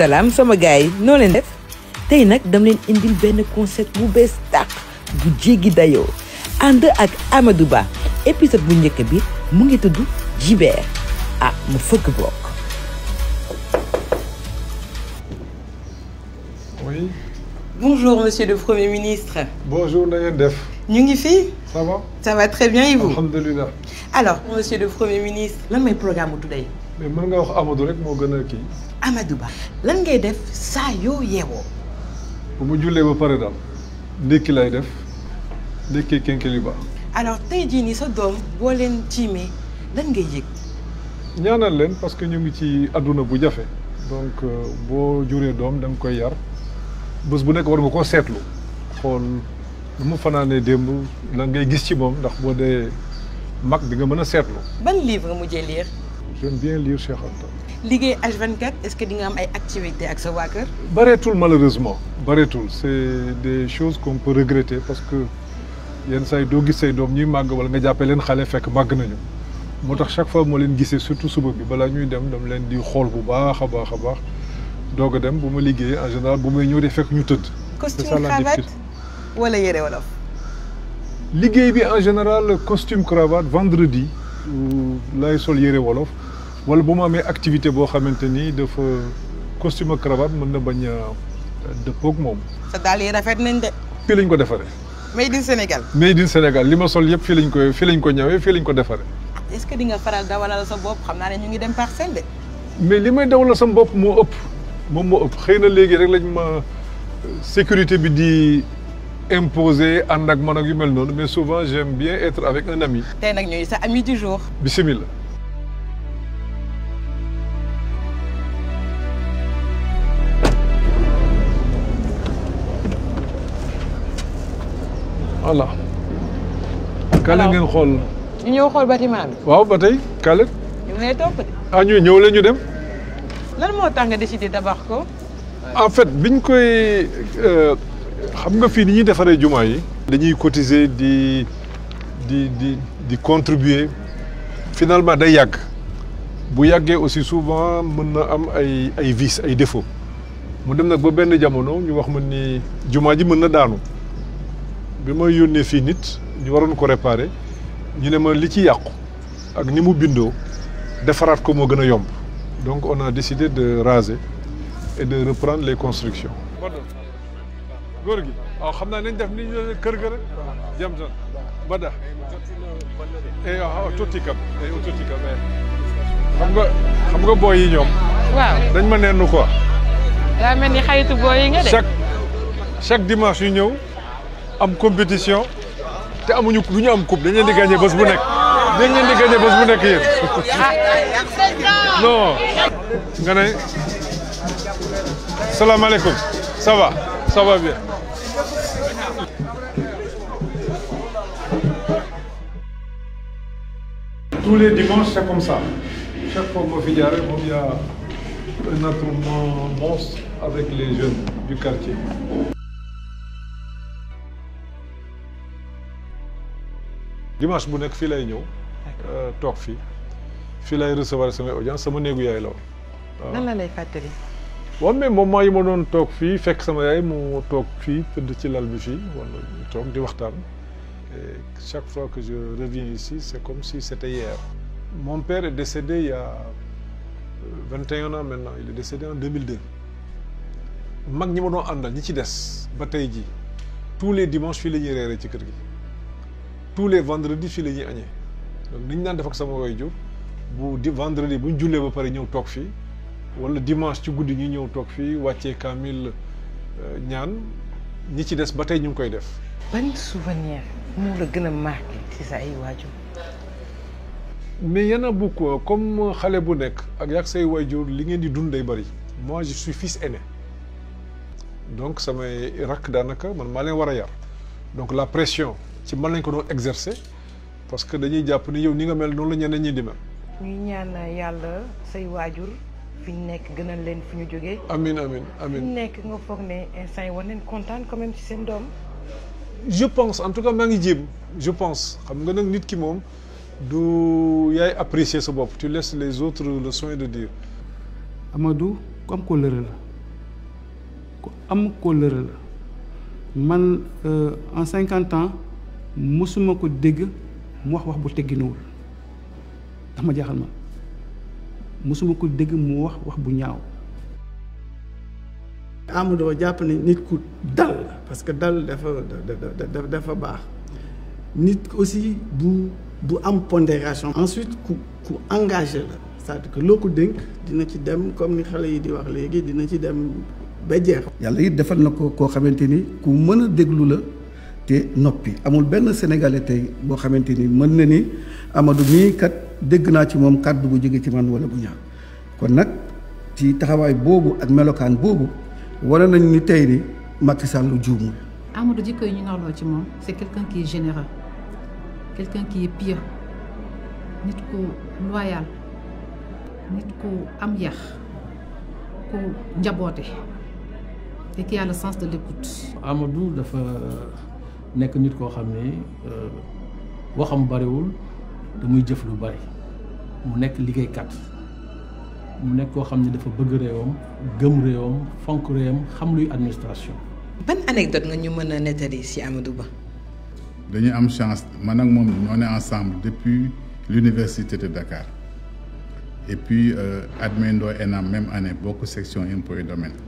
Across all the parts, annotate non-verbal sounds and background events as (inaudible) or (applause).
salaam sama gars yi noo leen def tey nag dam leen indil benn concept bu bees tàq bu jéggi dayoo ànd ak Amadou Ba épisode bu njëkk bi mu ngi tudd Jibeer ah mu fëgg bokk. oui. bonjour monsieur le premier ministre. bonjour na ngeen def. ñu ngi fi ça va. ça va très bien et vous. alhamdulilah. lan mooy programme bu today mais mën nga wax Amadou rek moo gën a kii. Amadou Ba lañ ngay def saa yoo yeewoo. bu mu jullee ba pare daal ndékki lay def ndékki kenkeliba. alors tey jii nii sa doom boo leen tiimee lan ngay yëg. ñaanal leen parce que ñu ngi ci àdduna bu jafe. donc euh, boo juree doom da koy yar bés bu nekk war nga koo seetlu xool lu mu fanaanee démb la ngay gis ci moom ndax boo dee mag bi nga mën a seetlu. ban livre nga mujjee lire. j'aime bien lire Cheikh Anta. liggéey H24 est-ce que di am ay activités ak sa waa kër. bareetul malheureusement bareetul c'est des choses qu'on peut regretter parce que yenn saa doo gis say doom ñuy màgg wala nga jàppee leen xale fekk màgg nañu. moo tax chaque fois moo leen gisee surtout suba bi balaa ñuy dem dama leen di xool bu baax a baax a baax doog dem bu ma liggéey en général bu may ñëw di fekk ñu tëdd. costume cravate wala yére wolof. liggéey bi en général costume cravate vendredi laay sol yére wolof. wala bu mu amee activité boo xamante ni dafa costume ak cravate mën na bañ a euh, dëppoog moom. sa daal yi rafet nañ de. fii lañ ko defaree. made in Sénégal. made in Sénégal li ma sol yëpp fii lañ ko fii lañ ko ñëwee fii lañ ko defaree. est-ce que di nga faral dawalal sa bopp xam naa ne ñu ngi dem parcelle de. mais li may dawalal sa bopp moo ëpp moom moo ëpp xëy na léegi rek lañ ma euh, sécurité bi di. imposé ànd ak man ak yu mel noonu mais souvent j'aime bien être avec un ami. tey nag ñooy sa ami du jour. bisimilah. voilà. kale ngeen xool. ñu ñëw xool bâtiment bi. waaw ba tey kale. ñu ngi topp de. ah ñu ñëw la ñu dem. lan moo tax nga décidé tabax ko. en fait biñ koy euh, xam nga fii ni ñuy defaree jumaa yi. dañuy cotiser di di di di contribuer finalement day yàgg bu yàggee aussi souvent mën na am ay ay vices ay défauts mu dem nag ba benn jamono ñu wax ma ni jumaa ji mën na daanu. bi ma yónnee fii nit ñu waroon ko réparer ñu ne ma li ci yàqu ak ni mu bindoo defaraat ko moo gën a yomb donc on a décidé de raser et de reprendre les constructions. góor xam naa nañ def ni ñu kër ga rek jam eh, ah, eh, eh. xam nga xam nga booy yi ñoom waaw dañ ma nenn quoi daa mel ni xaritu booy yi nga de chaque dimanche yu ñëw am compétition te amuñu lu ñu am coupe dañ leen di gagné bés bu nekk dañ leen di gagné bés bu nekk yéen non nga ne salaamaaleykum ça va ça va bien tous les dimanches c'est comme ça chaque fois ma fi jaaree moom y a un attroupement monstre avec les jeunes du quartier dimanche bu nekk fii lay ñëw. Euh, toog fii fii lay recevoir samay audience sama néegu yaay la woon. lan la lay waaw mais moment yi ma doon toog fii fekk sama yaay mu toog fii tëdd ci lal bi fii toog di waxtaan. chaque fois que je reviens ici c'est comme si c'était hier. Mon père est décédé il y a 21 euh, ans maintenant il est décédé en mag ñi ma doon àndal ñi ci des ba tey jii tous les dimanches fii la ñuy reeree ci kër gi. tous les vendredis fii la ñuy añee donc ni ñu daan def ak sama waajur bu di vendredi bu ñu jullee ba pare ñëw toog fii wala dimanche ci guddi ñuy ñëw toog fii wàccee kaamil euh, ñaan ñi ci des ba tey ñu ngi koy def. ban souvenir moo la gën a marqué ci sa ay waajur. mais y en a comme xale bu nekk ak yàgg say waajur li ngeen di dund day bëri. moi je fii fils aîné donc samay rakk daanaka man maa leen war a yar donc la pression. ci man lañ ko doon exercer parce que dañuy jàpp ni yow ni nga mel noonu la ñeneen ñi di ma ñuy ñaan yàlla say waajur fi nekk gënal leen fi ñu jógee. amiin amiin amiin fi nekk nga foog ne instant yi war neen kontaan quand même ci seen doom. je pense en tout cas maa ngi jéem je pense xam nga nag nit ki moom du yaay apprécier sa bopp tu laisses les autres le soin de dire. Amadou ku am kóllëre la ku am kóllëre la man euh, en cinquante ans. mosuma ko dégg mu wax wax bu tegginuwul ndax ma jaaxal ma mësuma ko dégg mu wax wax bu ñaaw. Amadou Ba jàpp ne nit ku dal parce que dal dafa dafa baax nit aussi bu bu am pondération. ensuite ku ku engagé la c'est-à-dire que loo ko dénk dina ci dem comme ni xale yi di wax léegi dina ci dem ba jeex. yàlla it defal na ko koo xamante ni ku mën a déglu la. te noppi amul benn sénégalais tey boo xamante ni mën na ni Amadou mii kat dégg naa ci moom kàddu bu jóge ci man wala bu ñaaw kon nag ci taxawaay boobu ak melokaan boobu wane nañ ni tey ni Macky Sall juumul. Amadou jikko yi ñu nawloo ci moom c'est quelqu'un qui est généreux quelqu'un qui est pieux nit ku loyal nit ku am yax ku njaboote te qui a sens de l'écoute. Amadou dafa. nekk nit koo xam ne euh, waxam bariwul te jëf lu bari mu nekk liggéeykat mu nekk koo xam ne dafa bëgg réewam gëm réewam fonk réewam xam luy administration. ban anecdote nga ñu mën a nettali ci Amadou Ba. dañu am chance man ak moom ñoo ne ensemble depuis l'université de Dakar et puis euh, admindoo ENAM même année bokk section impôts et domaines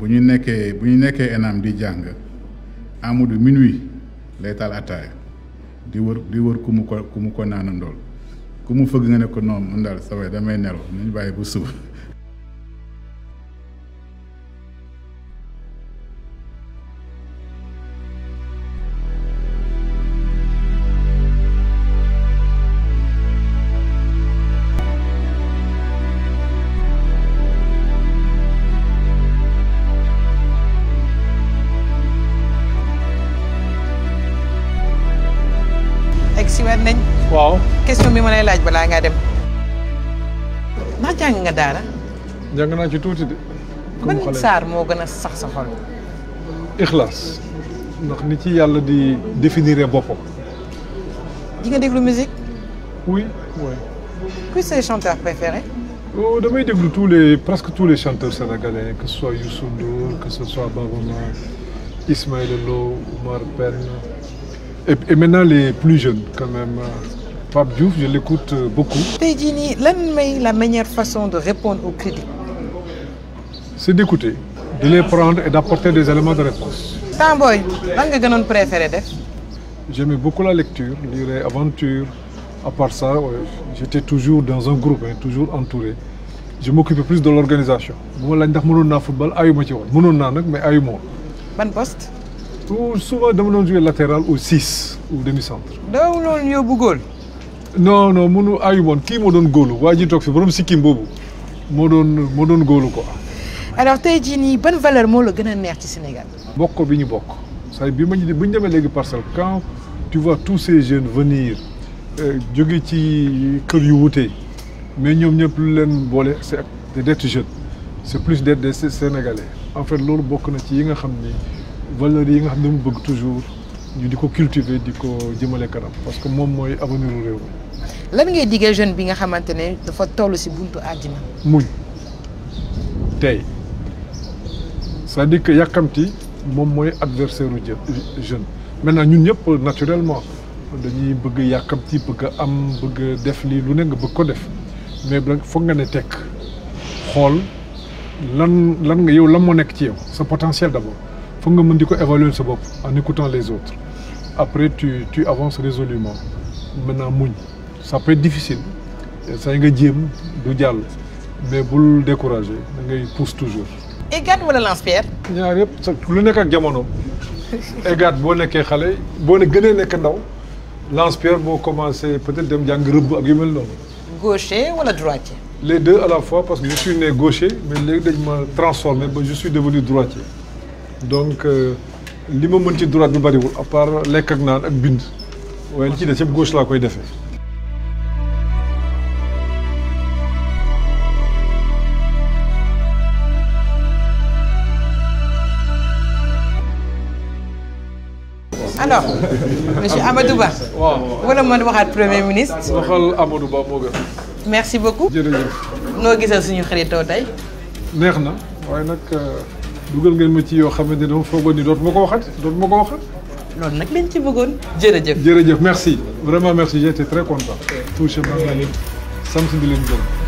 bu ñu nekkee bu ñu nekkee ENAM di jàng. Amadou minuit lay taal ataaya di wër di wër ku mu ko ku mu ko naanandool ku mu fëgg nga ne ko noonu mën daal sa waay damay nelaw nañu bàyyi bu suba weer nañ. waaw question bi ma lay laaj balaa ngaa dem. ndax jàng nga daara. jàng naa ci tuuti de. comme ban saar moo gën a sax sa xol. Ikhlaas ndax ni ci yàlla di définir boppam. di nga déglu musique. oui oui. qui c'est chanteur préféré. Oh, damay déglu tous les presque tous les chanteurs sénégalais que ce soit Youssou Ndour que ce soit Baaba Maal Ismaël Lo Omar Pène. et, et maintenant les plus jeunes quand même Pape Diouf je l'écoute euh, beaucoup. tey jii nii lan may la meilleure façon de répondre aux critiques. c'est d'écouter de les prendre et d'apporter des éléments de réponse. Tambooy lan nga gënoon préféré def. j'aimais beaucoup la lecture lire les aventures à part ça ouais, j'étais toujours dans un groupe hein, toujours entouré je m'occupais plus de l'organisation bu ma laaj ndax mënoon naa football ayuma mënoon naa nag mais ayuma woon. tout souvent dama doon jouer latéral au six ou demi-centre. daaw loolu ñoo bëggoon. non non mënu ayu woon kii moo doon góolu waa ji toog fi borom sikkim boobu moo doon moo doon góolu ko alors tey jii nii ban valeur moo la gën a neex ci Sénégal. bokk bi ñu bokk saa bi ma ñu bu ñu demee léegi parcelle quand tu vois tous ces jeunes venir euh, jóge ci kër yu wute mais ñoom ñëpp lu leen boole c'est d'être jeune c'est plus d'être des Sénégalais en fait loolu bokk na ci yi nga xam ni. valeurs yi nga xam ne mu bëgg toujours ñu di ko cultiver di ko jëmale kanam parce que moom mooy avenir u réew lan ngay diggee jeune bi nga xamante ne dafa toll si buntu àddina muñ tey sa dikk dire que yàkkamti moom mooy adversaire u jeune maintenant ñun ñëpp naturellement dañuy bëgg yàkkamti bëgg a am bëgg def lii lu ne nga bëgg ko def mais foog nga ne tekk xool lan lan nga yow lan moo nekk ci yow sa potentiel d'abord faut nga mën di ko évaluer sa bopp en écoutant les autres après tu tu avances résolument maintenant muñ ça peut être difficile saa nga jéem du jàll mais bul décourager da ngay pousse toujours. Eggat wala lance ñaar yëpp sa lu nekk ak jamono (laughs) Eggat boo nekkee xale boo ne gënee nekk ndaw lance-pierre boo commencé peut-être dem jàng rëbb ak yu mel noonu. gaucher wala droitier. les deux à la fois parce que je suis né gaucher mais léegi dañ ma transformé ba je suis donc euh, li ma mën ci droit bi bariwul à part lekk ak naan ak bind waaye li ci des yëpp gauche laa koy defee. alors monsieur Amadou Ba. waaw wala man waxaat premier ministre. waxal Amadou Ba moo gën. merci beaucoup. noo gisal suñu xaritoo tey. neex na waaye nag. Euh, dugal ngeen ma ci yoo xamante ne dama foogoon ni dootuma ko waxat dootuma ko waxat. loolu nag lañ ci bëggoon jërëjëf. jërëjëf merci vraiment merci j'étais très content. touché man la leen sant di leen gërëm.